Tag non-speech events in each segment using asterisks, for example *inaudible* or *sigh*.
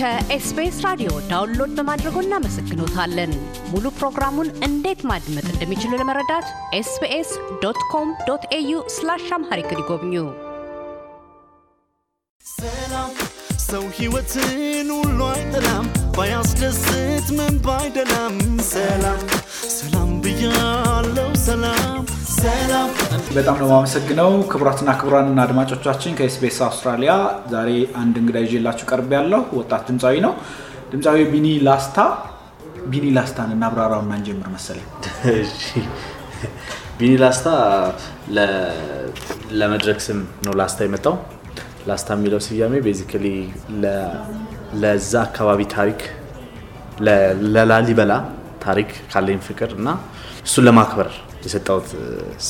ከኤስቢኤስ ራዲዮ ዳውንሎድ በማድረጎ እናመሰግኖታለን። ሙሉ ፕሮግራሙን እንዴት ማድመጥ እንደሚችሉ ለመረዳት ኤስቢኤስ ዶት ኮም ዶት ኤዩ ስላሽ አምሃሪክ ይጎብኙ። ሰላም ሰው ሕይወትን ሁሉ አይጠላም፣ ባያስደስት ምን ባይደላም፣ ሰላም ሰላም ብያለው ሰላም በጣም ነው የማመሰግነው። ክቡራትና ክቡራን አድማጮቻችን ከኤስቢኤስ አውስትራሊያ ዛሬ አንድ እንግዳ ይዤላችሁ ቀርብ ያለው ወጣት ድምፃዊ ነው። ድምፃዊ ቢኒ ላስታ። ቢኒ ላስታን እናብራራውና እንጀምር መሰለ ቢኒ ላስታ ለመድረክ ስም ነው ላስታ የመጣው። ላስታ የሚለው ስያሜ ቤዚካሊ ለዛ አካባቢ ታሪክ ለላሊበላ ታሪክ ካለኝ ፍቅር እና እሱን ለማክበር የሰጠሁት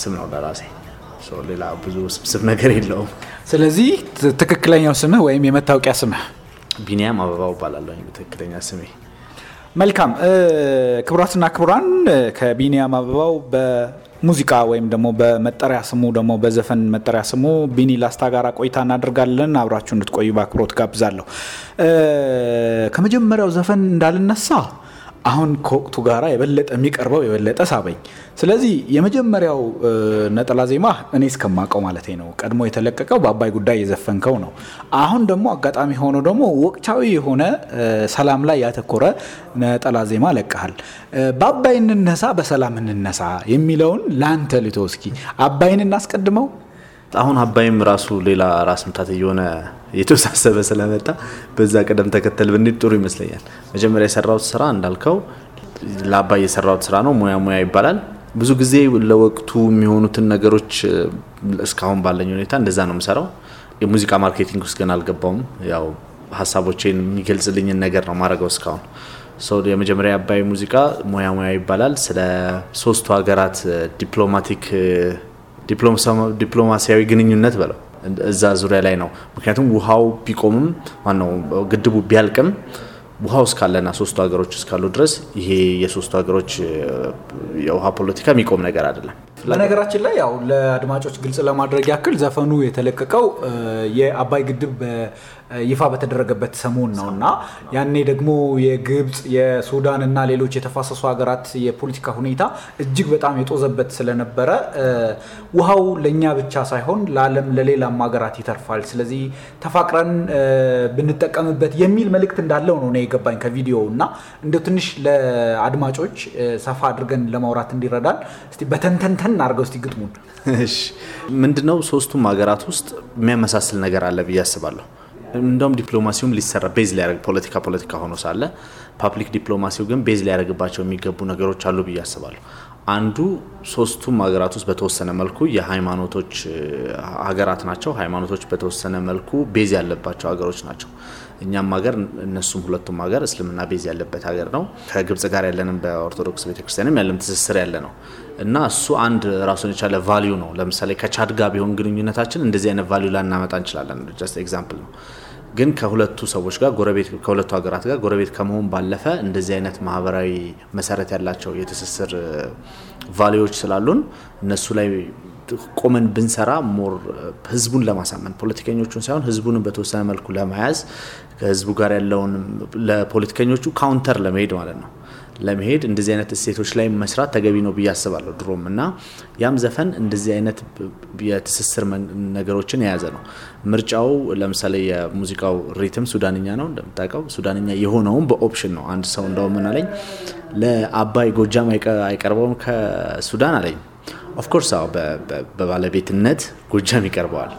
ስም ነው ለራሴ። ሌላ ብዙ ስብስብ ነገር የለውም። ስለዚህ ትክክለኛው ስምህ ወይም የመታወቂያ ስምህ ቢኒያም አበባው ባላለኝ ትክክለኛ ስሜ። መልካም ክቡራትና ክቡራን ከቢኒያም አበባው በሙዚቃ ወይም ደግሞ በመጠሪያ ስሙ ደግሞ በዘፈን መጠሪያ ስሙ ቢኒ ላስታ ጋር ቆይታ እናደርጋለን። አብራችሁ እንድትቆዩ በአክብሮት ጋብዛለሁ። ከመጀመሪያው ዘፈን እንዳልነሳ አሁን ከወቅቱ ጋር የበለጠ የሚቀርበው የበለጠ ሳበኝ። ስለዚህ የመጀመሪያው ነጠላ ዜማ እኔ እስከማውቀው ማለት ነው ቀድሞ የተለቀቀው በአባይ ጉዳይ የዘፈንከው ነው። አሁን ደግሞ አጋጣሚ ሆኖ ደግሞ ወቅታዊ የሆነ ሰላም ላይ ያተኮረ ነጠላ ዜማ ለቀሃል። በአባይ እንነሳ፣ በሰላም እንነሳ የሚለውን ለአንተ ልቶ እስኪ አባይን እናስቀድመው አሁን አባይም ራሱ ሌላ ራስ ምታት እየሆነ የተወሳሰበ ስለመጣ በዛ ቅደም ተከተል ብንሄድ ጥሩ ይመስለኛል። መጀመሪያ የሰራሁት ስራ እንዳልከው ለአባይ የሰራሁት ስራ ነው። ሙያ ሙያ ይባላል። ብዙ ጊዜ ለወቅቱ የሚሆኑትን ነገሮች እስካሁን ባለኝ ሁኔታ እንደዛ ነው የምሰራው። የሙዚቃ ማርኬቲንግ ውስጥ ግን አልገባውም። ያው ሀሳቦቼን የሚገልጽልኝን ነገር ነው ማድረገው እስካሁን የመጀመሪያ አባይ ሙዚቃ ሙያ ሙያ ይባላል። ስለ ሶስቱ ሀገራት ዲፕሎማቲክ ዲፕሎማሲያዊ ግንኙነት በለው እዛ ዙሪያ ላይ ነው። ምክንያቱም ውሃው ቢቆምም ማነው ግድቡ ቢያልቅም ውሃው እስካለና ሶስቱ ሀገሮች እስካሉ ድረስ ይሄ የሶስቱ ሀገሮች የውሃ ፖለቲካ የሚቆም ነገር አይደለም። በነገራችን ላይ ያው ለአድማጮች ግልጽ ለማድረግ ያክል ዘፈኑ የተለቀቀው የአባይ ግድብ ይፋ በተደረገበት ሰሞን ነው እና ያኔ ደግሞ የግብፅ የሱዳን እና ሌሎች የተፋሰሱ ሀገራት የፖለቲካ ሁኔታ እጅግ በጣም የጦዘበት ስለነበረ ውሃው ለእኛ ብቻ ሳይሆን ለዓለም ለሌላም ሀገራት ይተርፋል፣ ስለዚህ ተፋቅረን ብንጠቀምበት የሚል መልእክት እንዳለው ነው እኔ የገባኝ ከቪዲዮው እና እንደ ትንሽ ለአድማጮች ሰፋ አድርገን ለማውራት እንዲረዳን በተንተንተን ብትንትን አድርገው እስቲ ግጥሙን። ምንድነው ሶስቱም ሀገራት ውስጥ የሚያመሳስል ነገር አለ ብዬ አስባለሁ። እንደውም ዲፕሎማሲውም ሊሰራ ቤዝ ሊያደርግ ፖለቲካ ፖለቲካ ሆኖ ሳለ ፓብሊክ ዲፕሎማሲው ግን ቤዝ ሊያደርግባቸው የሚገቡ ነገሮች አሉ ብዬ አስባለሁ። አንዱ ሶስቱም ሀገራት ውስጥ በተወሰነ መልኩ የሃይማኖቶች ሀገራት ናቸው። ሃይማኖቶች በተወሰነ መልኩ ቤዝ ያለባቸው ሀገሮች ናቸው። እኛም ሀገር እነሱም ሁለቱም ሀገር እስልምና ቤዝ ያለበት ሀገር ነው። ከግብጽ ጋር ያለንም በኦርቶዶክስ ቤተክርስቲያንም ያለም ትስስር ያለ ነው እና እሱ አንድ ራሱን የቻለ ቫሊዩ ነው። ለምሳሌ ከቻድ ጋር ቢሆን ግንኙነታችን እንደዚህ አይነት ቫሊዩ ላናመጣ እንችላለን። ጀስት ኤግዛምፕል ነው። ግን ከሁለቱ ሰዎች ጋር ጎረቤት ከሁለቱ ሀገራት ጋር ጎረቤት ከመሆን ባለፈ እንደዚህ አይነት ማህበራዊ መሰረት ያላቸው የትስስር ቫሌዎች ስላሉን እነሱ ላይ ቆመን ብንሰራ ሞር ህዝቡን ለማሳመን ፖለቲከኞቹን ሳይሆን ህዝቡን በተወሰነ መልኩ ለመያዝ ከህዝቡ ጋር ያለውን ለፖለቲከኞቹ ካውንተር ለመሄድ ማለት ነው ለመሄድ እንደዚህ አይነት እሴቶች ላይ መስራት ተገቢ ነው ብዬ አስባለሁ ድሮም እና ያም ዘፈን እንደዚህ አይነት የትስስር ነገሮችን የያዘ ነው። ምርጫው ለምሳሌ የሙዚቃው ሪትም ሱዳንኛ ነው እንደምታውቀው። ሱዳንኛ የሆነውም በኦፕሽን ነው። አንድ ሰው እንደው ምን አለኝ፣ ለአባይ ጎጃም አይቀርበውም ከሱዳን አለኝ። ኦፍኮርስ አዎ፣ በባለቤትነት ጎጃም ይቀርበዋል፣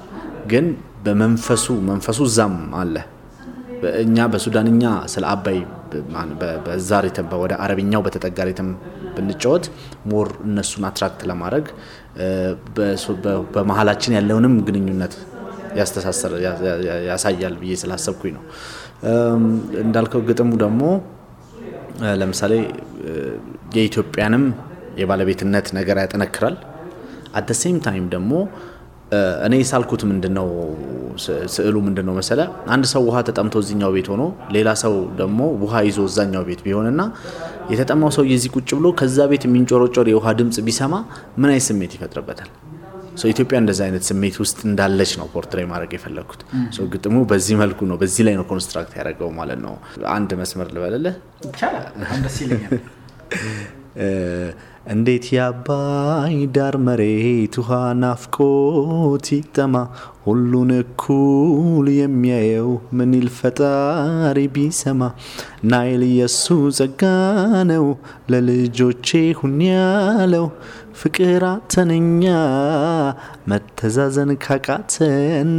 ግን በመንፈሱ መንፈሱ እዛም አለ እኛ በሱዳንኛ ስለ አባይ በዛ ሪትም ወደ አረብኛው በተጠጋ ሪትም ብንጫወት ሞር እነሱን አትራክት ለማድረግ በመሀላችን ያለውንም ግንኙነት ያስተሳሰር ያሳያል ብዬ ስላሰብኩኝ ነው። እንዳልከው ግጥሙ ደግሞ ለምሳሌ የኢትዮጵያንም የባለቤትነት ነገር ያጠነክራል። አት ሴም ታይም ደግሞ እኔ ሳልኩት ምንድነው ስዕሉ ምንድነው መሰለ፣ አንድ ሰው ውሃ ተጠምቶ እዚኛው ቤት ሆኖ ሌላ ሰው ደግሞ ውሃ ይዞ እዛኛው ቤት ቢሆንና የተጠማው ሰው የዚህ ቁጭ ብሎ ከዛ ቤት የሚንጮረጮር የውሃ ድምፅ ቢሰማ ምን አይነት ስሜት ይፈጥርበታል? ኢትዮጵያ እንደዚ አይነት ስሜት ውስጥ እንዳለች ነው ፖርትሬ ማድረግ የፈለግኩት። ግጥሙ በዚህ መልኩ ነው፣ በዚህ ላይ ነው ኮንስትራክት ያደረገው ማለት ነው። አንድ መስመር ልበልልህ ይቻላል። *laughs* እንዴት የአባይ ዳር መሬት ውሃ ናፍቆት ይጠማ ሁሉን እኩል የሚያየው ምን ይል ፈጣሪ ቢሰማ ናይል የሱ ጸጋ ነው ለልጆቼ ሁን ያለው ፍቅር አተንኛ መተዛዘን ካቃተን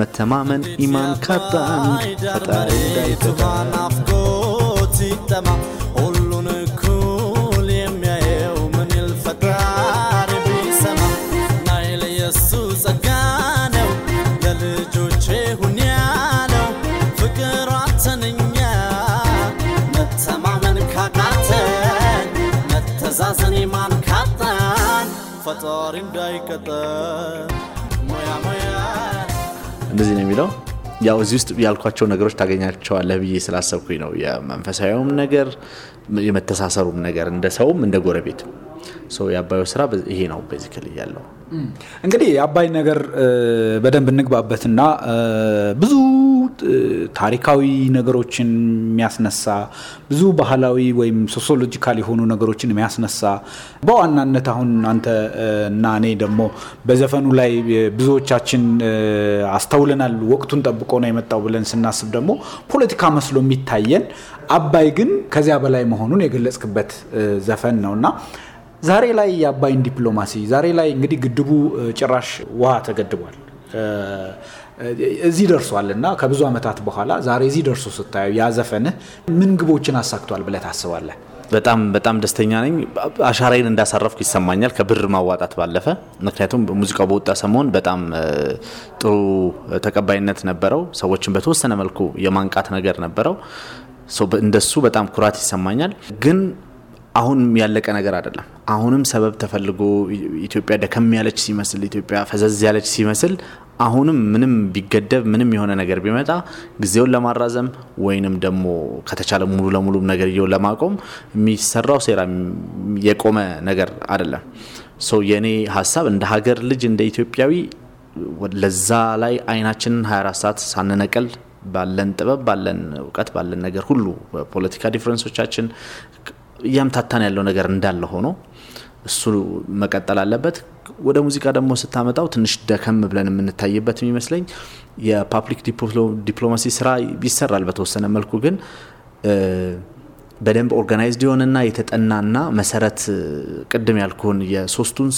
መተማመን ኢማን ካጣን ፈጣሪ እንዳይተጣ ማን ካጣን ፈጣሪ እንዳይቀጠን ሙያ ሙያ እንደዚህ ነው የሚለው። ያው እዚህ ውስጥ ያልኳቸው ነገሮች ታገኛቸዋለህ ብዬ ስላሰብኩኝ ነው። የመንፈሳዊውም ነገር የመተሳሰሩም ነገር እንደ ሰውም እንደ ጎረቤት የአባዩ ስራ ይሄ ነው ቤዚካሊ ያለው። እንግዲህ የአባይ ነገር በደንብ እንግባበትና ብዙ ታሪካዊ ነገሮችን የሚያስነሳ ብዙ ባህላዊ ወይም ሶሲዮሎጂካል የሆኑ ነገሮችን የሚያስነሳ በዋናነት አሁን አንተ እና እኔ ደግሞ በዘፈኑ ላይ ብዙዎቻችን አስተውለናል። ወቅቱን ጠብቆ ነው የመጣው ብለን ስናስብ ደግሞ ፖለቲካ መስሎ የሚታየን አባይ ግን ከዚያ በላይ መሆኑን የገለጽክበት ዘፈን ነው እና ዛሬ ላይ የአባይን ዲፕሎማሲ ዛሬ ላይ እንግዲህ ግድቡ ጭራሽ ውሃ ተገድቧል እዚህ ደርሷል እና ከብዙ ዓመታት በኋላ ዛሬ እዚህ ደርሶ ስታየው ያዘፈንህ ምን ግቦችን አሳክቷል ብለ ታስባለህ? በጣም በጣም ደስተኛ ነኝ። አሻራይን እንዳሳረፍኩ ይሰማኛል ከብር ማዋጣት ባለፈ። ምክንያቱም ሙዚቃው በወጣ ሰሞን በጣም ጥሩ ተቀባይነት ነበረው። ሰዎችን በተወሰነ መልኩ የማንቃት ነገር ነበረው። እንደሱ በጣም ኩራት ይሰማኛል ግን አሁን ያለቀ ነገር አይደለም። አሁንም ሰበብ ተፈልጎ ኢትዮጵያ ደከም ያለች ሲመስል፣ ኢትዮጵያ ፈዘዝ ያለች ሲመስል አሁንም ምንም ቢገደብ ምንም የሆነ ነገር ቢመጣ ጊዜውን ለማራዘም ወይንም ደግሞ ከተቻለ ሙሉ ለሙሉ ነገርየውን ለማቆም የሚሰራው ሴራ የቆመ ነገር አይደለም። ሰው የእኔ ሀሳብ እንደ ሀገር ልጅ እንደ ኢትዮጵያዊ ለዛ ላይ አይናችንን 24 ሰዓት ሳንነቀል ባለን ጥበብ ባለን እውቀት ባለን ነገር ሁሉ ፖለቲካ ዲፍረንሶቻችን እያምታታን ያለው ነገር እንዳለ ሆኖ እሱ መቀጠል አለበት። ወደ ሙዚቃ ደግሞ ስታመጣው ትንሽ ደከም ብለን የምንታይበት የሚመስለኝ የፓብሊክ ዲፕሎማሲ ስራ ይሰራል በተወሰነ መልኩ ግን በደንብ ኦርጋናይዝድ የሆነና የተጠናና መሰረት ቅድም ያልኩን የሶስቱን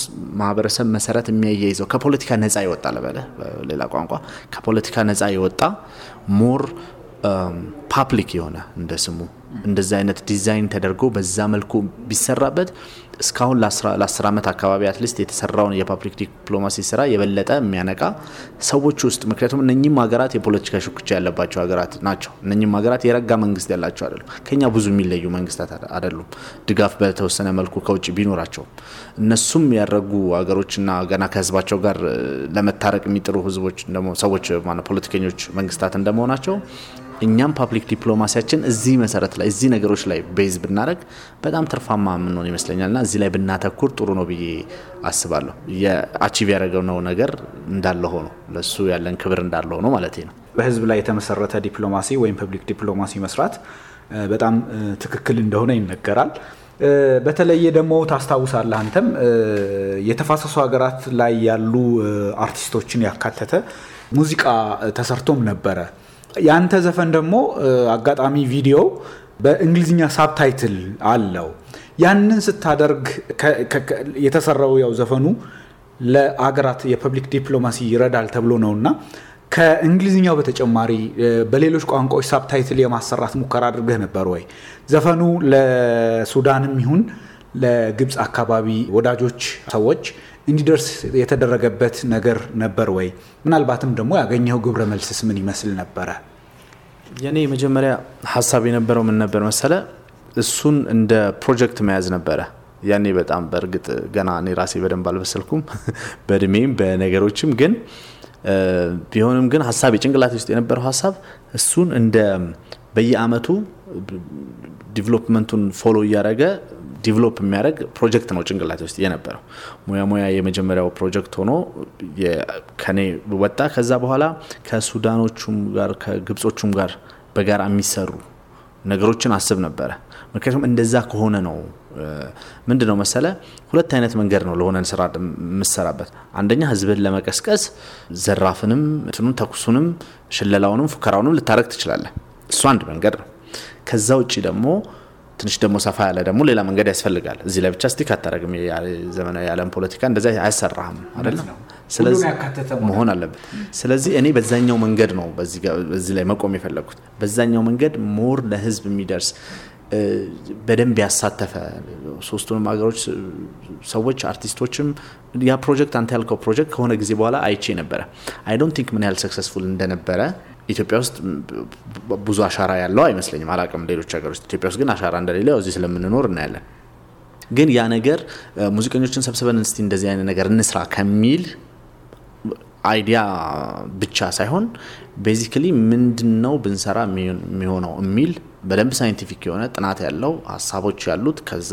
ማህበረሰብ መሰረት የሚያያይዘው ከፖለቲካ ነፃ ይወጣ ለበለ ሌላ ቋንቋ ከፖለቲካ ነፃ የወጣ ሞር ፓብሊክ የሆነ እንደ ስሙ እንደዚህ አይነት ዲዛይን ተደርጎ በዛ መልኩ ቢሰራበት እስካሁን ለአስር ዓመት አካባቢ አትሊስት የተሰራውን የፓብሊክ ዲፕሎማሲ ስራ የበለጠ የሚያነቃ ሰዎች ውስጥ ምክንያቱም እነኝም ሀገራት የፖለቲካ ሽኩቻ ያለባቸው ሀገራት ናቸው። እነኝም ሀገራት የረጋ መንግስት ያላቸው አይደሉም። ከኛ ብዙ የሚለዩ መንግስታት አይደሉም። ድጋፍ በተወሰነ መልኩ ከውጭ ቢኖራቸውም እነሱም ያረጉ ሀገሮችና ገና ከህዝባቸው ጋር ለመታረቅ የሚጥሩ ህዝቦች ሰዎች ፖለቲከኞች መንግስታት እንደመሆናቸው እኛም ፓብሊክ ዲፕሎማሲያችን እዚህ መሰረት ላይ እዚህ ነገሮች ላይ ቤዝ ብናደረግ በጣም ትርፋማ የምንሆን ይመስለኛል ና እዚህ ላይ ብናተኩር ጥሩ ነው ብዬ አስባለሁ። የአቺቭ ያደረገው ነገር እንዳለ ሆኖ ለሱ ያለን ክብር እንዳለ ሆኖ ማለት ነው። በህዝብ ላይ የተመሰረተ ዲፕሎማሲ ወይም ፐብሊክ ዲፕሎማሲ መስራት በጣም ትክክል እንደሆነ ይነገራል። በተለየ ደግሞ ታስታውሳለህ አንተም የተፋሰሱ ሀገራት ላይ ያሉ አርቲስቶችን ያካተተ ሙዚቃ ተሰርቶም ነበረ። ያንተ ዘፈን ደግሞ አጋጣሚ ቪዲዮ በእንግሊዝኛ ሳብታይትል አለው። ያንን ስታደርግ የተሰራው ያው ዘፈኑ ለአገራት የፐብሊክ ዲፕሎማሲ ይረዳል ተብሎ እና ከእንግሊዝኛው በተጨማሪ በሌሎች ቋንቋዎች ሳብታይትል የማሰራት ሙከራ አድርገህ ነበር ወይ? ዘፈኑ ለሱዳንም ይሁን ለግብፅ አካባቢ ወዳጆች ሰዎች እንዲደርስ የተደረገበት ነገር ነበር ወይ? ምናልባትም ደግሞ ያገኘው ግብረ መልስስ ምን ይመስል ነበረ? የኔ የመጀመሪያ ሀሳብ የነበረው ምን ነበር መሰለ፣ እሱን እንደ ፕሮጀክት መያዝ ነበረ። ያኔ በጣም በእርግጥ ገና እኔ ራሴ በደንብ አልበሰልኩም *laughs* በእድሜም በነገሮችም ግን ቢሆንም ግን ሀሳብ የጭንቅላት ውስጥ የነበረው ሀሳብ እሱን እንደ በየአመቱ ዲቨሎፕመንቱን ፎሎ እያደረገ ዲቨሎፕ የሚያደርግ ፕሮጀክት ነው ጭንቅላት ውስጥ የነበረው ሙያ ሙያ የመጀመሪያው ፕሮጀክት ሆኖ ከኔ ወጣ ከዛ በኋላ ከሱዳኖቹም ጋር ከግብጾቹም ጋር በጋራ የሚሰሩ ነገሮችን አስብ ነበረ ምክንያቱም እንደዛ ከሆነ ነው ምንድ ነው መሰለ ሁለት አይነት መንገድ ነው ለሆነን ስራ የምሰራበት አንደኛ ህዝብን ለመቀስቀስ ዘራፍንም ትኑን ተኩሱንም ሽለላውንም ፉከራውንም ልታደረግ ትችላለህ እሱ አንድ መንገድ ነው ከዛ ውጭ ደግሞ ትንሽ ደግሞ ሰፋ ያለ ደግሞ ሌላ መንገድ ያስፈልጋል። እዚህ ላይ ብቻ ስቲክ አታረግም። ዘመናዊ የዓለም ፖለቲካ እንደዚያ አያሰራህም አይደለም። መሆን አለበት። ስለዚህ እኔ በዛኛው መንገድ ነው በዚህ ላይ መቆም የፈለግኩት። በዛኛው መንገድ ሞር ለህዝብ የሚደርስ በደንብ ያሳተፈ ሶስቱንም ሀገሮች ሰዎች አርቲስቶችም ያ ፕሮጀክት አንተ ያልከው ፕሮጀክት ከሆነ ጊዜ በኋላ አይቼ ነበረ። አይ ዶንት ቲንክ ምን ያህል ሰክሰስፉል እንደነበረ ኢትዮጵያ ውስጥ ብዙ አሻራ ያለው አይመስለኝም። አላቅም ሌሎች ሀገር ውስጥ። ኢትዮጵያ ውስጥ ግን አሻራ እንደሌለ እዚህ ስለምንኖር እናያለን። ግን ያ ነገር ሙዚቀኞችን ሰብስበን እስቲ እንደዚህ አይነት ነገር እንስራ ከሚል አይዲያ ብቻ ሳይሆን ቤዚክሊ ምንድን ነው ብንሰራ የሚሆነው የሚል በደንብ ሳይንቲፊክ የሆነ ጥናት ያለው ሀሳቦች ያሉት ከዛ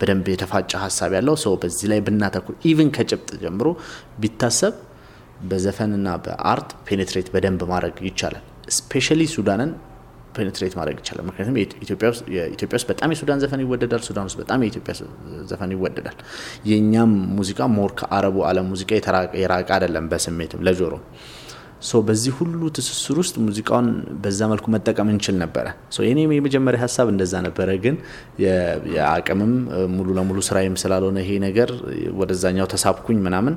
በደንብ የተፋጨ ሀሳብ ያለው ሰው በዚህ ላይ ብናተኩር ኢቭን ከጭብጥ ጀምሮ ቢታሰብ በዘፈንና በአርት ፔኔትሬት በደንብ ማድረግ ይቻላል። ስፔሻሊ ሱዳንን ፔኔትሬት ማድረግ ይቻላል። ምክንያቱም ኢትዮጵያ ውስጥ በጣም የሱዳን ዘፈን ይወደዳል፣ ሱዳን ውስጥ በጣም የኢትዮጵያ ዘፈን ይወደዳል። የእኛም ሙዚቃ ሞር ከአረቡ አለም ሙዚቃ የራቀ አይደለም፣ በስሜትም ለጆሮ በዚህ ሁሉ ትስስር ውስጥ ሙዚቃውን በዛ መልኩ መጠቀም እንችል ነበረ። ይኔ የመጀመሪያ ሀሳብ እንደዛ ነበረ። ግን የአቅምም ሙሉ ለሙሉ ስራዬም ስላልሆነ ይሄ ነገር ወደዛኛው ተሳብኩኝ ምናምን።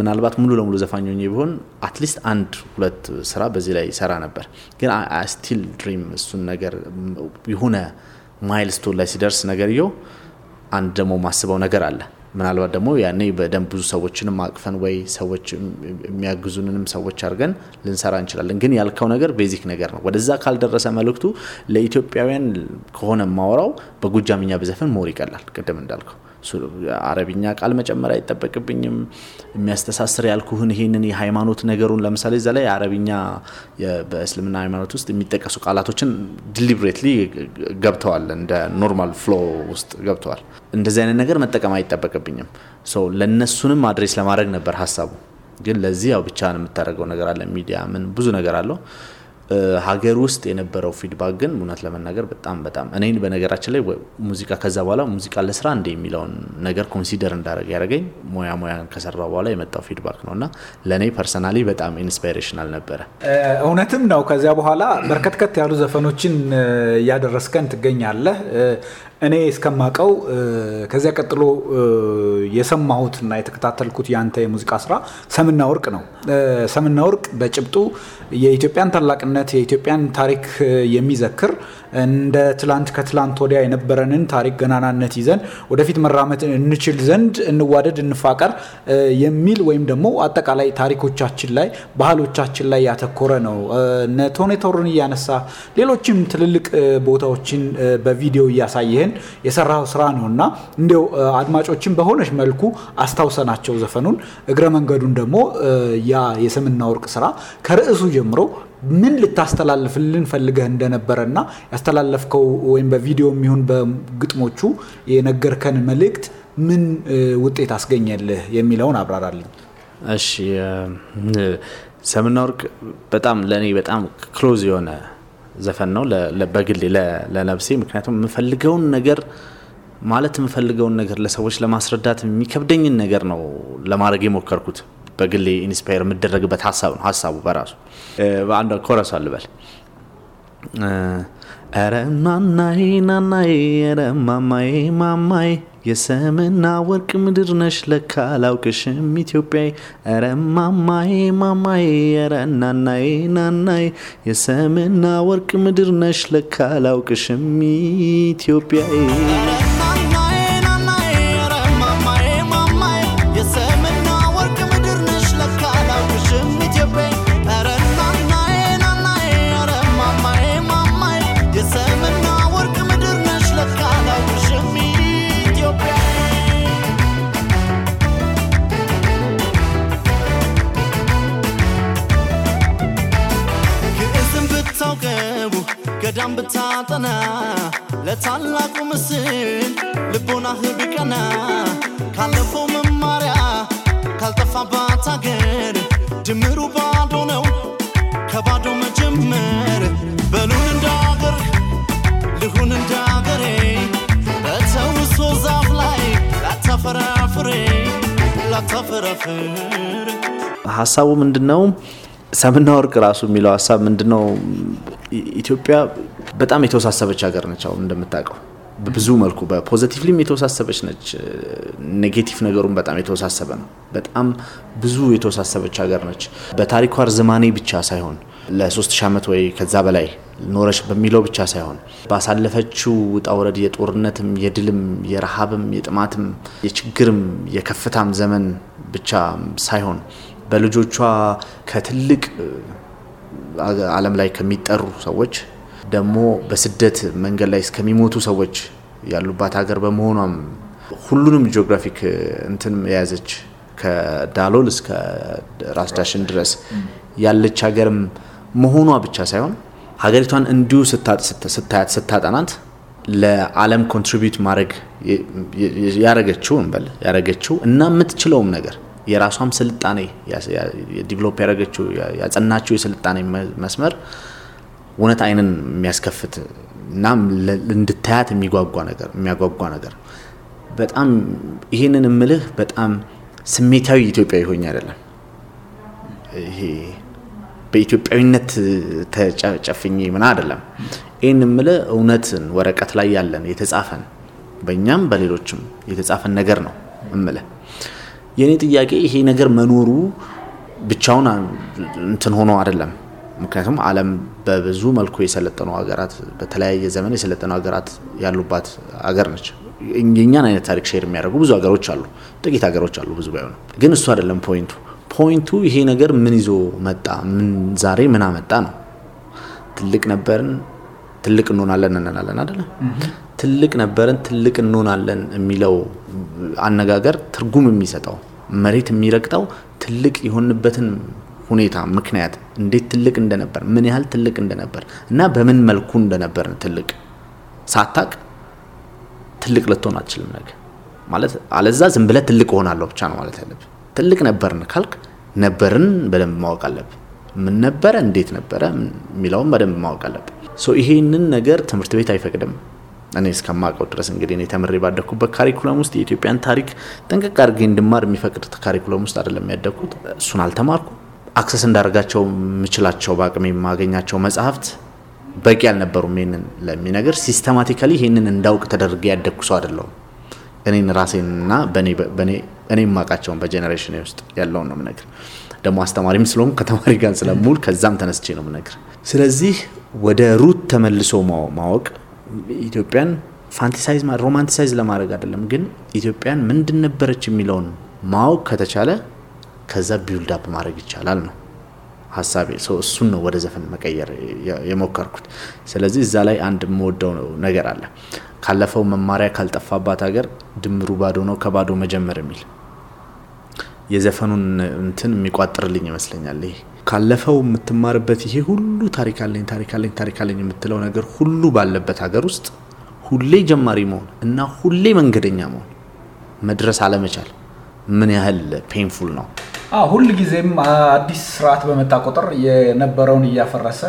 ምናልባት ሙሉ ለሙሉ ዘፋኝ ሆኜ ቢሆን አትሊስት አንድ ሁለት ስራ በዚህ ላይ ይሰራ ነበር። ግን ስቲል ድሪም እሱን ነገር የሆነ ማይልስቶን ላይ ሲደርስ ነገር የው አንድ ደግሞ ማስበው ነገር አለ ምናልባት ደግሞ ያኔ በደንብ ብዙ ሰዎችንም አቅፈን ወይ ሰዎች የሚያግዙንንም ሰዎች አድርገን ልንሰራ እንችላለን። ግን ያልከው ነገር ቤዚክ ነገር ነው። ወደዛ ካልደረሰ መልእክቱ ለኢትዮጵያውያን ከሆነ ማወራው በጎጃምኛ ብዘፍን ሞር ይቀላል ቅድም እንዳልከው አረብኛ ቃል መጨመር አይጠበቅብኝም። የሚያስተሳስር ያልኩህን ይህንን የሃይማኖት ነገሩን ለምሳሌ እዛ ላይ አረብኛ በእስልምና ሃይማኖት ውስጥ የሚጠቀሱ ቃላቶችን ዲሊብሬትሊ ገብተዋል፣ እንደ ኖርማል ፍሎ ውስጥ ገብተዋል። እንደዚህ አይነት ነገር መጠቀም አይጠበቅብኝም። ለእነሱንም አድሬስ ለማድረግ ነበር ሀሳቡ። ግን ለዚህ ያው ብቻ የምታደርገው ነገር አለ። ሚዲያ ምን ብዙ ነገር አለው። ሀገር ውስጥ የነበረው ፊድባክ ግን እውነት ለመናገር በጣም በጣም እኔን በነገራችን ላይ ሙዚቃ ከዛ በኋላ ሙዚቃ ለስራ እንደ የሚለውን ነገር ኮንሲደር እንዳደረገ ያደረገኝ ሙያ ሙያ ከሰራ በኋላ የመጣው ፊድባክ ነው እና ለእኔ ፐርሰናሊ በጣም ኢንስፓይሬሽናል ነበረ። እውነትም ነው። ከዚያ በኋላ በርከትከት ያሉ ዘፈኖችን እያደረስከን ትገኛለህ። እኔ እስከማቀው ከዚያ ቀጥሎ የሰማሁት እና የተከታተልኩት የአንተ የሙዚቃ ስራ ሰምና ወርቅ ነው። ሰምና ወርቅ በጭብጡ የኢትዮጵያን ታላቅነት የኢትዮጵያን ታሪክ የሚዘክር እንደ ትላንት ከትላንት ወዲያ የነበረንን ታሪክ ገናናነት ይዘን ወደፊት መራመድ እንችል ዘንድ እንዋደድ፣ እንፋቀር የሚል ወይም ደግሞ አጠቃላይ ታሪኮቻችን ላይ ባህሎቻችን ላይ ያተኮረ ነው። እነ እያነሳ ሌሎችም ትልልቅ ቦታዎችን በቪዲዮ እያሳየህን የሰራው ስራ ነው እና እንዲው አድማጮችን በሆነች መልኩ አስታውሰናቸው ዘፈኑን እግረ መንገዱን ደግሞ ያ የስምና ወርቅ ስራ ከርዕሱ ጀምሮ ምን ልታስተላልፍልን ፈልገህ እንደነበረና ያስተላለፍከው ወይም በቪዲዮ የሚሆን በግጥሞቹ የነገርከን መልእክት ምን ውጤት አስገኘልህ የሚለውን አብራራልኝ። እሺ ሰምና ወርቅ በጣም ለእኔ በጣም ክሎዝ የሆነ ዘፈን ነው በግሌ ለነብሴ። ምክንያቱም የምፈልገውን ነገር ማለት የምፈልገውን ነገር ለሰዎች ለማስረዳት የሚከብደኝን ነገር ነው ለማድረግ የሞከርኩት በግሌ ኢንስፓየር የምደረግበት ሀሳብ ነው። ሀሳቡ በራሱ በአንድ ኮረስ አልበል ረ ናናዬ ናናዬ ኧረ ማማዬ የሰምና ወርቅ ምድር ነሽ ለካ ላውቅሽም ኢትዮጵያዬ ረ ማማዬ ማማዬ ረ ናናዬ የሰምና ወርቅ ምድር ነሽ ለካ ላውቅሽም ኢትዮጵያ ሀሳቡ ምንድነው? ሰምና ወርቅ ራሱ የሚለው ሀሳብ ምንድነው? ኢትዮጵያ በጣም የተወሳሰበች ሀገር ነች። አሁን እንደምታውቀው በብዙ መልኩ በፖዘቲቭሊም የተወሳሰበች ነች። ኔጌቲቭ ነገሩን በጣም የተወሳሰበ ነው። በጣም ብዙ የተወሳሰበች ሀገር ነች። በታሪኳ ርዝማኔ ብቻ ሳይሆን ለሶስት 3000 ዓመት ወይ ከዛ በላይ ኖረች በሚለው ብቻ ሳይሆን ባሳለፈችው ውጣ ውረድ የጦርነትም፣ የድልም፣ የረሃብም፣ የጥማትም፣ የችግርም፣ የከፍታም ዘመን ብቻ ሳይሆን በልጆቿ ከትልቅ ዓለም ላይ ከሚጠሩ ሰዎች ደግሞ በስደት መንገድ ላይ እስከሚሞቱ ሰዎች ያሉባት ሀገር በመሆኗም ሁሉንም ጂኦግራፊክ እንትን የያዘች ከዳሎል እስከ ራስ ዳሽን ድረስ ያለች ሀገርም መሆኗ ብቻ ሳይሆን ሀገሪቷን እንዲሁ ስታያት ስታጠናት ለዓለም ኮንትሪቢዩት ማድረግ ያረገችው እንበል ያረገችው እና የምትችለውም ነገር የራሷም ስልጣኔ ዲቨሎፕ ያረገችው ያጸናችው የስልጣኔ መስመር እውነት አይንን የሚያስከፍት እና እንድታያት የሚጓጓ ነገር የሚያጓጓ ነገር በጣም ይሄንን እምልህ በጣም ስሜታዊ ኢትዮጵያ ይሆኝ አይደለም ይሄ በኢትዮጵያዊነት ተጨፍኝ ምን አይደለም። ይህን የምል እውነትን ወረቀት ላይ ያለን የተጻፈን በእኛም በሌሎችም የተጻፈን ነገር ነው እምልህ። የእኔ ጥያቄ ይሄ ነገር መኖሩ ብቻውን እንትን ሆኖ አይደለም። ምክንያቱም ዓለም በብዙ መልኩ የሰለጠኑ ሀገራት በተለያየ ዘመን የሰለጠኑ ሀገራት ያሉባት ሀገር ነች። የእኛን አይነት ታሪክ ሼር የሚያደርጉ ብዙ ሀገሮች አሉ፣ ጥቂት ሀገሮች አሉ፣ ብዙ ባይሆኑ። ግን እሱ አይደለም ፖይንቱ። ፖይንቱ ይሄ ነገር ምን ይዞ መጣ፣ ምን ዛሬ ምን አመጣ ነው። ትልቅ ነበርን፣ ትልቅ እንሆናለን እንላለን አደለ? ትልቅ ነበርን፣ ትልቅ እንሆናለን የሚለው አነጋገር ትርጉም የሚሰጠው መሬት የሚረግጠው ትልቅ የሆንበትን ሁኔታ ምክንያት እንዴት ትልቅ እንደነበር ምን ያህል ትልቅ እንደነበር እና በምን መልኩ እንደነበር ትልቅ ሳታቅ ትልቅ ልትሆን አትችልም። ነገ ማለት አለዛ ዝም ብለህ ትልቅ እሆናለሁ ብቻ ነው ማለት ያለብህ። ትልቅ ነበርን ካልክ ነበርን በደንብ ማወቅ አለብ ምን ነበረ፣ እንዴት ነበረ የሚለውም በደንብ ማወቅ አለብ ይሄንን ነገር ትምህርት ቤት አይፈቅድም። እኔ እስከማቀው ድረስ እንግዲህ እኔ ተምሬ ባደግኩበት ካሪኩለም ውስጥ የኢትዮጵያን ታሪክ ጥንቅቅ አድርጌ እንድማር የሚፈቅድ ካሪኩለም ውስጥ አይደለም ያደግኩት። እሱን አልተማርኩ። አክሰስ እንዳደርጋቸው የምችላቸው በአቅሜ የማገኛቸው መጽሐፍት በቂ አልነበሩም። ይህንን ለሚነገር ሲስተማቲካሊ ይህንን እንዳውቅ ተደርጌ ያደግኩ ሰው አይደለሁም። እኔን ራሴንና በእኔ እኔም ማቃቸውን በጀኔሬሽን ውስጥ ያለውን ነው ምነግር። ደግሞ አስተማሪም ስለሆን ከተማሪ ጋር ስለሙል ከዛም ተነስቼ ነው ምነግር። ስለዚህ ወደ ሩት ተመልሶ ማወቅ ኢትዮጵያን ፋንቲሳይዝ ሮማንቲሳይዝ ለማድረግ አይደለም፣ ግን ኢትዮጵያን ምንድን ነበረች የሚለውን ማወቅ ከተቻለ ከዛ ቢውልዳፕ ማድረግ ይቻላል ነው ሀሳቤ። እሱን ነው ወደ ዘፈን መቀየር የሞከርኩት። ስለዚህ እዛ ላይ አንድ የምወደው ነገር አለ። ካለፈው መማሪያ ካልጠፋባት ሀገር ድምሩ ባዶ ነው ከባዶ መጀመር የሚል የዘፈኑን እንትን የሚቋጥርልኝ ይመስለኛል። ይሄ ካለፈው የምትማርበት ይሄ ሁሉ ታሪካለኝ ታሪካለኝ ታሪካለኝ የምትለው ነገር ሁሉ ባለበት ሀገር ውስጥ ሁሌ ጀማሪ መሆን እና ሁሌ መንገደኛ መሆን መድረስ አለመቻል ምን ያህል ፔንፉል ነው። ሁል ጊዜም አዲስ ስርዓት በመጣ ቁጥር የነበረውን እያፈረሰ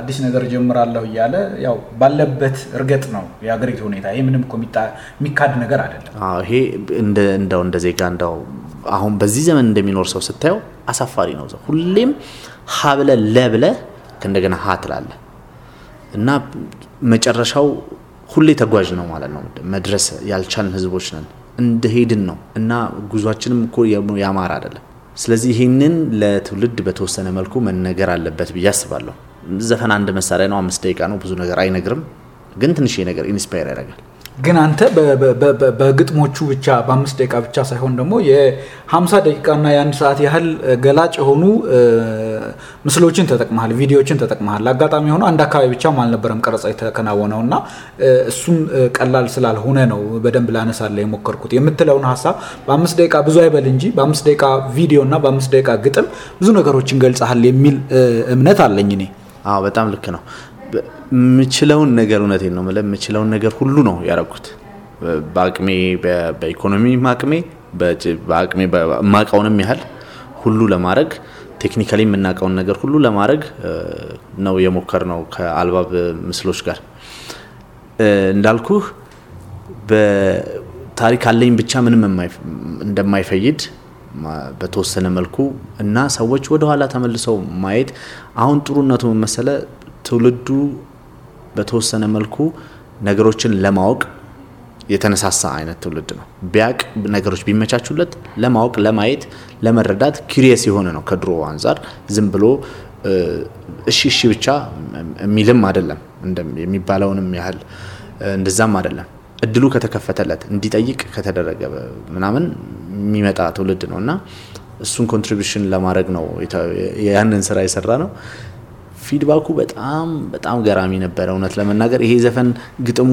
አዲስ ነገር ጀምራለሁ እያለ ያው ባለበት እርገጥ ነው የሀገሪቱ ሁኔታ። ይህ ምንም እኮ የሚካድ ነገር አይደለም። ይሄ እንደው እንደ ዜጋ እንደው አሁን በዚህ ዘመን እንደሚኖር ሰው ስታየው አሳፋሪ ነው። ሁሌም ሀብለ ለብለ ለ ብለ ከእንደገና ሀ ትላለ እና መጨረሻው ሁሌ ተጓዥ ነው ማለት ነው። መድረስ ያልቻልን ህዝቦች ነን። እንደ ሄድን ነው እና ጉዟችንም እኮ ያማረ አይደለም። ስለዚህ ይህንን ለትውልድ በተወሰነ መልኩ መነገር አለበት ብዬ አስባለሁ። ዘፈን አንድ መሳሪያ ነው፣ አምስት ደቂቃ ነው፣ ብዙ ነገር አይነግርም። ግን ትንሽ ነገር ኢንስፓየር ያደርጋል። ግን አንተ በግጥሞቹ ብቻ በአምስት ደቂቃ ብቻ ሳይሆን ደግሞ የሀምሳ ደቂቃና የአንድ ሰዓት ያህል ገላጭ የሆኑ ምስሎችን ተጠቅመሃል፣ ቪዲዮዎችን ተጠቅመሃል። አጋጣሚ የሆነ አንድ አካባቢ ብቻም አልነበረም ቀረጻ የተከናወነው እና እሱም ቀላል ስላልሆነ ነው በደንብ ላነሳለ የሞከርኩት የምትለውን ሀሳብ በአምስት ደቂቃ ብዙ አይበል እንጂ በአምስት ደቂቃ ቪዲዮ እና በአምስት ደቂቃ ግጥም ብዙ ነገሮችን ገልጸሃል የሚል እምነት አለኝ እኔ። አዎ በጣም ልክ ነው። የምችለውን ነገር እውነቴን ነው ለ የምችለውን ነገር ሁሉ ነው ያረኩት በአቅሜ በኢኮኖሚ አቅሜ በአቅሜ ማቀውንም ያህል ሁሉ ለማድረግ ቴክኒካሊ የምናውቀውን ነገር ሁሉ ለማድረግ ነው የሞከር ነው ከአልባብ ምስሎች ጋር እንዳልኩህ በታሪክ አለኝ ብቻ ምንም እንደማይፈይድ በተወሰነ መልኩ እና ሰዎች ወደኋላ ተመልሰው ማየት አሁን ጥሩነቱ መሰለ ትውልዱ በተወሰነ መልኩ ነገሮችን ለማወቅ የተነሳሳ አይነት ትውልድ ነው። ቢያቅ ነገሮች ቢመቻቹለት ለማወቅ፣ ለማየት፣ ለመረዳት ኪሪየስ የሆነ ነው። ከድሮ አንጻር ዝም ብሎ እሺ እሺ ብቻ የሚልም አይደለም፣ የሚባለውንም ያህል እንደዛም አይደለም። እድሉ ከተከፈተለት እንዲጠይቅ ከተደረገ ምናምን የሚመጣ ትውልድ ነው እና እሱን ኮንትሪቢሽን ለማድረግ ነው ያንን ስራ የሰራ ነው። ፊድባኩ በጣም በጣም ገራሚ ነበረ። እውነት ለመናገር ይሄ ዘፈን ግጥሙ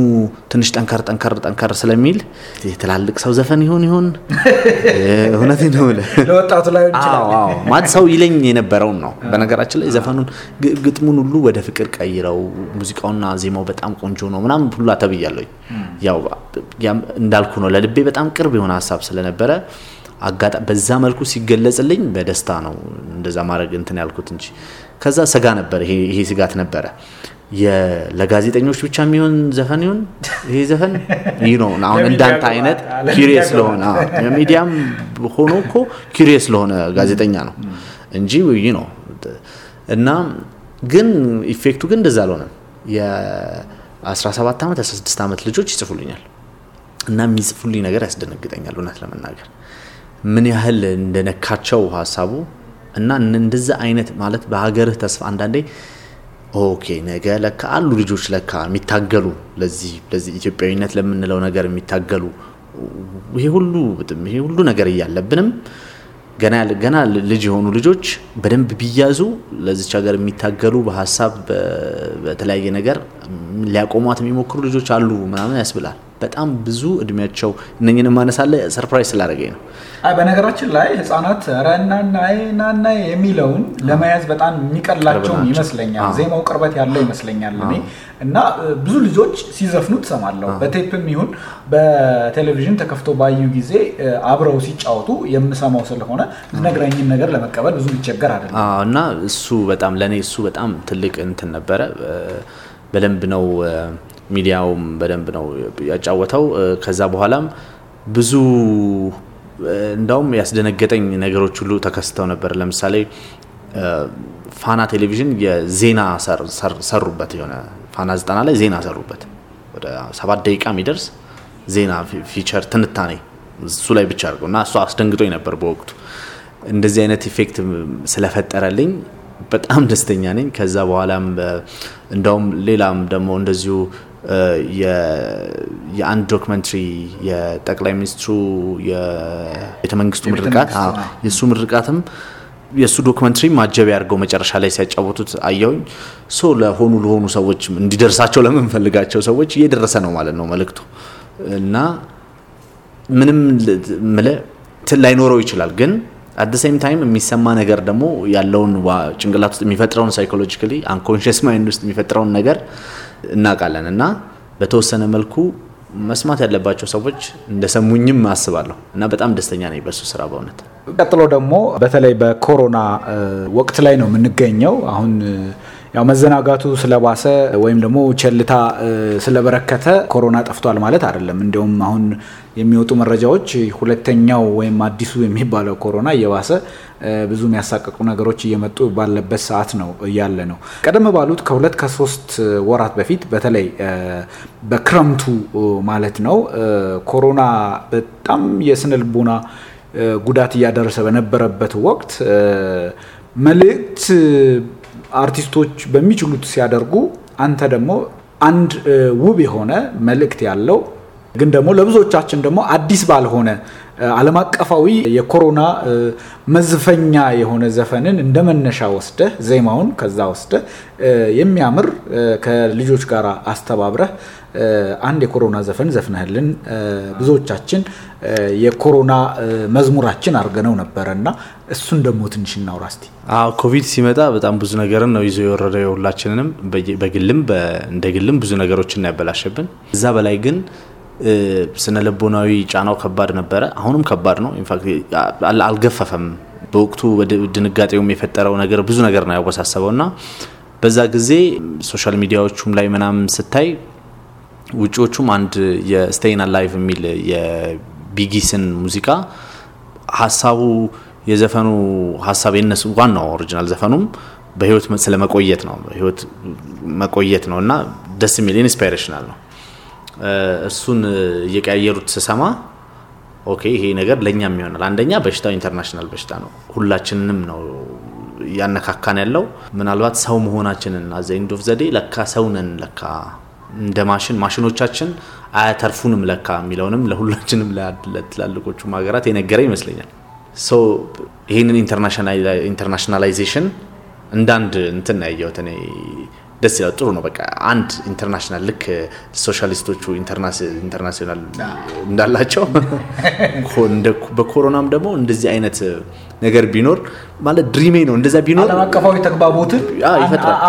ትንሽ ጠንከር ጠንከር ጠንከር ስለሚል ትላልቅ ሰው ዘፈን ይሁን ይሁን *laughs* እውነት ነው ላይ ማለት ሰው ይለኝ የነበረውን ነው። በነገራችን ላይ ዘፈኑን ግጥሙን ሁሉ ወደ ፍቅር ቀይረው ሙዚቃውና ዜማው በጣም ቆንጆ ነው ምናም ሁሉ አተብያለኝ ያው እንዳልኩ ነው ለልቤ በጣም ቅርብ የሆነ ሀሳብ ስለነበረ በዛ መልኩ ሲገለጽልኝ በደስታ ነው እንደዛ ማድረግ እንትን ያልኩት እንጂ ከዛ ስጋ ነበር ይሄ ስጋት ነበረ። ለጋዜጠኞች ብቻ የሚሆን ዘፈን ይሁን ይሄ ዘፈን ይህ *laughs* ነው። አሁን እንዳንተ አይነት ኪሪየስ ለሆነ ሚዲያም ሆኖ እኮ ኪሪየስ ለሆነ ጋዜጠኛ ነው እንጂ ይ ነው እና ግን ኢፌክቱ ግን እንደዛ አልሆነም። የ17 ዓመት 16 ዓመት ልጆች ይጽፉልኛል እና የሚጽፉልኝ ነገር ያስደነግጠኛል እውነት ለመናገር ምን ያህል እንደነካቸው ሀሳቡ እና እንደዛ አይነት ማለት በሀገርህ ተስፋ አንዳንዴ ኦኬ ነገ ለካ አሉ ልጆች ለካ የሚታገሉ ለዚህ ለዚህ ኢትዮጵያዊነት ለምንለው ነገር የሚታገሉ ይሄ ሁሉ ይሄ ሁሉ ነገር እያለብንም ገና ገና ልጅ የሆኑ ልጆች በደንብ ቢያዙ ለዚች ሀገር የሚታገሉ በሀሳብ በተለያየ ነገር ሊያቆሟት የሚሞክሩ ልጆች አሉ ምናምን ያስብላል። በጣም ብዙ እድሜያቸው እነኝን ማነሳለ ሰርፕራይዝ ስላደረገኝ ነው። በነገራችን ላይ ህጻናት ናና የሚለውን ለመያዝ በጣም የሚቀላቸው ይመስለኛል። ዜማው ቅርበት ያለው ይመስለኛል እኔ እና ብዙ ልጆች ሲዘፍኑ ትሰማለሁ። በቴፕም ይሁን በቴሌቪዥን ተከፍቶ ባዩ ጊዜ አብረው ሲጫወቱ የምሰማው ስለሆነ ነግረኝን ነገር ለመቀበል ብዙ ሊቸገር አይደለም እና እሱ በጣም ለእኔ እሱ በጣም ትልቅ እንትን ነበረ። በደንብ ነው ሚዲያውም በደንብ ነው ያጫወተው። ከዛ በኋላም ብዙ እንደውም ያስደነገጠኝ ነገሮች ሁሉ ተከስተው ነበር። ለምሳሌ ፋና ቴሌቪዥን የዜና ሰሩበት የሆነ ፋና ዘጠና ላይ ዜና ሰሩበት ወደ ሰባት ደቂቃ የሚደርስ ዜና ፊቸር ትንታኔ እሱ ላይ ብቻ አድርገው እና እሱ አስደንግጦኝ ነበር በወቅቱ እንደዚህ አይነት ኢፌክት ስለፈጠረልኝ በጣም ደስተኛ ነኝ። ከዛ በኋላም እንደውም ሌላም ደግሞ እንደዚሁ የአንድ ዶክመንትሪ የጠቅላይ ሚኒስትሩ የቤተ መንግስቱ ምርቃት የእሱ ምርቃትም የእሱ ዶክመንትሪ ማጀቢያ ያደርገው መጨረሻ ላይ ሲያጫወቱት አየውኝ። ሶ ለሆኑ ለሆኑ ሰዎች እንዲደርሳቸው ለምንፈልጋቸው ሰዎች እየደረሰ ነው ማለት ነው መልእክቱ እና ምንም ምለ ላይኖረው ይችላል ግን አደ ሴም ታይም የሚሰማ ነገር ደግሞ ያለውን ጭንቅላት ውስጥ የሚፈጥረውን ሳይኮሎጂካሊ አንኮንሽስ ማይንድ ውስጥ የሚፈጥረውን ነገር እናውቃለን እና በተወሰነ መልኩ መስማት ያለባቸው ሰዎች እንደሰሙኝም አስባለሁ እና በጣም ደስተኛ ነኝ በሱ ስራ በእውነት። ቀጥሎ ደግሞ በተለይ በኮሮና ወቅት ላይ ነው የምንገኘው አሁን ያው መዘናጋቱ ስለባሰ ወይም ደግሞ ቸልታ ስለበረከተ ኮሮና ጠፍቷል ማለት አይደለም። እንዲሁም አሁን የሚወጡ መረጃዎች ሁለተኛው ወይም አዲሱ የሚባለው ኮሮና እየባሰ ብዙ የሚያሳቀቁ ነገሮች እየመጡ ባለበት ሰዓት ነው እያለ ነው። ቀደም ባሉት ከሁለት ከሶስት ወራት በፊት በተለይ በክረምቱ ማለት ነው ኮሮና በጣም የስነ ልቦና ጉዳት እያደረሰ በነበረበት ወቅት መልእክት አርቲስቶች በሚችሉት ሲያደርጉ አንተ ደግሞ አንድ ውብ የሆነ መልእክት ያለው ግን ደግሞ ለብዙዎቻችን ደግሞ አዲስ ባልሆነ ዓለም አቀፋዊ የኮሮና መዝፈኛ የሆነ ዘፈንን እንደ መነሻ ወስደህ ዜማውን ከዛ ወስደህ የሚያምር ከልጆች ጋር አስተባብረህ አንድ የኮሮና ዘፈን ዘፍነህልን ብዙዎቻችን የኮሮና መዝሙራችን አድርገነው ነበረ እና እሱን ደግሞ ትንሽ እናውራ እስቲ። ኮቪድ ሲመጣ በጣም ብዙ ነገርን ነው ይዞ የወረደ የሁላችንንም፣ በግልም እንደ ግልም ብዙ ነገሮችን ያበላሸብን። እዛ በላይ ግን ስነ ልቦናዊ ጫናው ከባድ ነበረ። አሁንም ከባድ ነው። ኢንፋክት አልገፈፈም። በወቅቱ ድንጋጤውም የፈጠረው ነገር ብዙ ነገር ነው ያወሳሰበው እና በዛ ጊዜ ሶሻል ሚዲያዎቹም ላይ ምናምን ስታይ ውጭዎቹም አንድ የስቴይን አላይቭ የሚል የቢጊስን ሙዚቃ ሀሳቡ የዘፈኑ ሀሳብ የነሱ ዋናው ኦሪጂናል ዘፈኑም በህይወት ስለመቆየት ነው። ህይወት መቆየት ነው እና ደስ የሚል ኢንስፓይሬሽናል ነው። እሱን እየቀያየሩት ስሰማ ኦኬ ይሄ ነገር ለእኛም ይሆናል። አንደኛ በሽታው ኢንተርናሽናል በሽታ ነው፣ ሁላችንንም ነው ያነካካን ያለው። ምናልባት ሰው መሆናችንን ዘ ኢንድ ኦፍ ለካ ሰው ለካ እንደ ማሽን ማሽኖቻችን አያተርፉንም ለካ የሚለውንም ለሁላችንም ለትላልቆቹ ሀገራት የነገረ ይመስለኛል። ይህንን ኢንተርናሽናላይዜሽን እንዳንድ እንትን ያየሁት እኔ ደስ ይላል። ጥሩ ነው። በቃ አንድ ኢንተርናሽናል ልክ ሶሻሊስቶቹ ኢንተርናሽናል እንዳላቸው *laughs* በኮሮናም ደግሞ እንደዚህ አይነት ነገር ቢኖር ማለት ድሪሜ ነው። እንደዛ ቢኖር ዓለም አቀፋዊ ተግባቦትን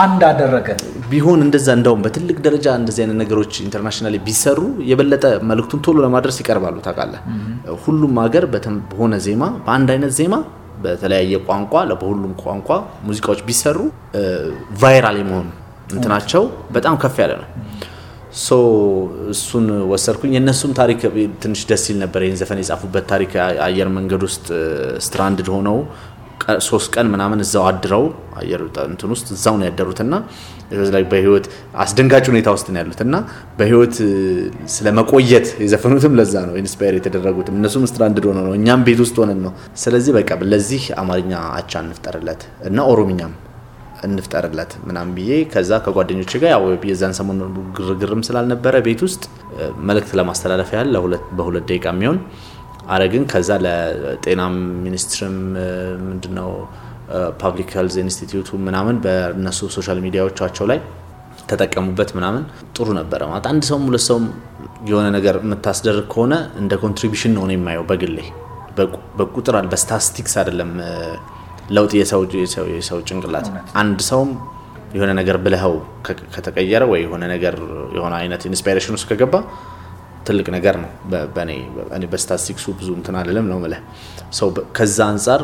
አንድ አደረገ ቢሆን እንደዛ እንደውም በትልቅ ደረጃ እንደዚህ አይነት ነገሮች ኢንተርናሽናል ቢሰሩ የበለጠ መልእክቱን ቶሎ ለማድረስ ይቀርባሉ። ታውቃለህ፣ ሁሉም ሀገር በሆነ ዜማ በአንድ አይነት ዜማ በተለያየ ቋንቋ በሁሉም ቋንቋ ሙዚቃዎች ቢሰሩ ቫይራል የመሆኑ እንትናቸው በጣም ከፍ ያለ ነው። ሶ እሱን ወሰድኩኝ። የእነሱም ታሪክ ትንሽ ደስ ይል ነበር። ይህን ዘፈን የጻፉበት ታሪክ አየር መንገድ ውስጥ ስትራንድድ ሆነው ሶስት ቀን ምናምን እዛው አድረው አየር እንትን ውስጥ እዛው ነው ያደሩትና ላይ በህይወት አስደንጋጭ ሁኔታ ውስጥ ነው ያሉት እና በህይወት ስለመቆየት የዘፈኑትም ለዛ ነው ኢንስፓየር የተደረጉት እነሱም ስትራንድድ ሆነ ነው፣ እኛም ቤት ውስጥ ሆነን ነው። ስለዚህ በቃ ለዚህ አማርኛ አቻ እንፍጠርለት እና ኦሮምኛም እንፍጠርለት ምናም ብዬ ከዛ ከጓደኞች ጋር ያው የዛን ሰሞን ግርግርም ስላልነበረ ቤት ውስጥ መልእክት ለማስተላለፍ ያህል በሁለት ደቂቃ የሚሆን አረግን። ከዛ ለጤና ሚኒስትርም ምንድነው ፓብሊክ ሄልዝ ኢንስቲትዩቱ ምናምን በእነሱ ሶሻል ሚዲያዎቻቸው ላይ ተጠቀሙበት ምናምን ጥሩ ነበረ። ማለት አንድ ሰውም ሁለት ሰውም የሆነ ነገር የምታስደርግ ከሆነ እንደ ኮንትሪቢሽን ነው የማየው በግሌ በቁጥር በስታስቲክስ አይደለም ለውጥ የሰው ጭንቅላት አንድ ሰውም የሆነ ነገር ብለኸው ከተቀየረ ወይ የሆነ ነገር የሆነ አይነት ኢንስፓይሬሽን ውስጥ ከገባ ትልቅ ነገር ነው። በእኔ በስታቲስቲክሱ ብዙ እንትን አልልም ነው ምለ ሰው ከዛ አንጻር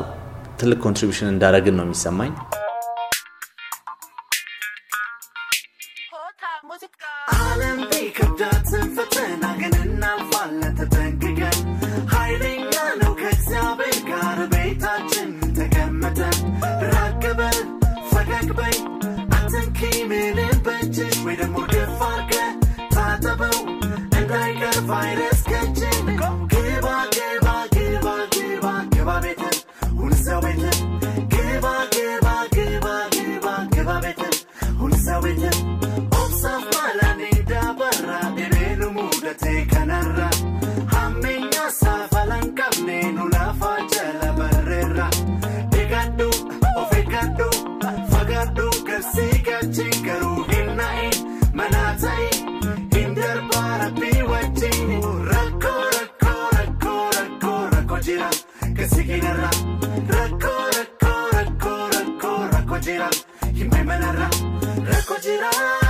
ትልቅ ኮንትሪቢሽን እንዳረግን ነው የሚሰማኝ። ኃይለኛ ነው ከእግዚአብሔር ጋር ቤታችን መጠን ራቅ በል ፈገግ በይ አትንኪ ምንም በእጅሽ ወይ ደግሞ ግፍ አርገ ታጠበው እንዳይቀር ቫይረስ ከእጅን ግባ ግባ ግባ ግባ ግባ ቤትን ሁን ሰው የለም ግባ ግባ ግባ ግባ ግባ ቤትን ሁን ሰው የለም ኦብሳፋ ላኔዳ በራ ዴቤኑ ሙደቴ ከነራ ሀሜኛ ሳፋ ኑላ Sodaachin garuu hin mana ta'in hin darbaa rabbii wajjin rakkoo rakkoo rakkoo rakkoo rakkoo jira kasigirarra rakkoo rakkoo rakkoo rakkoo rakkoo jira hin beemanarra rakkoo jira.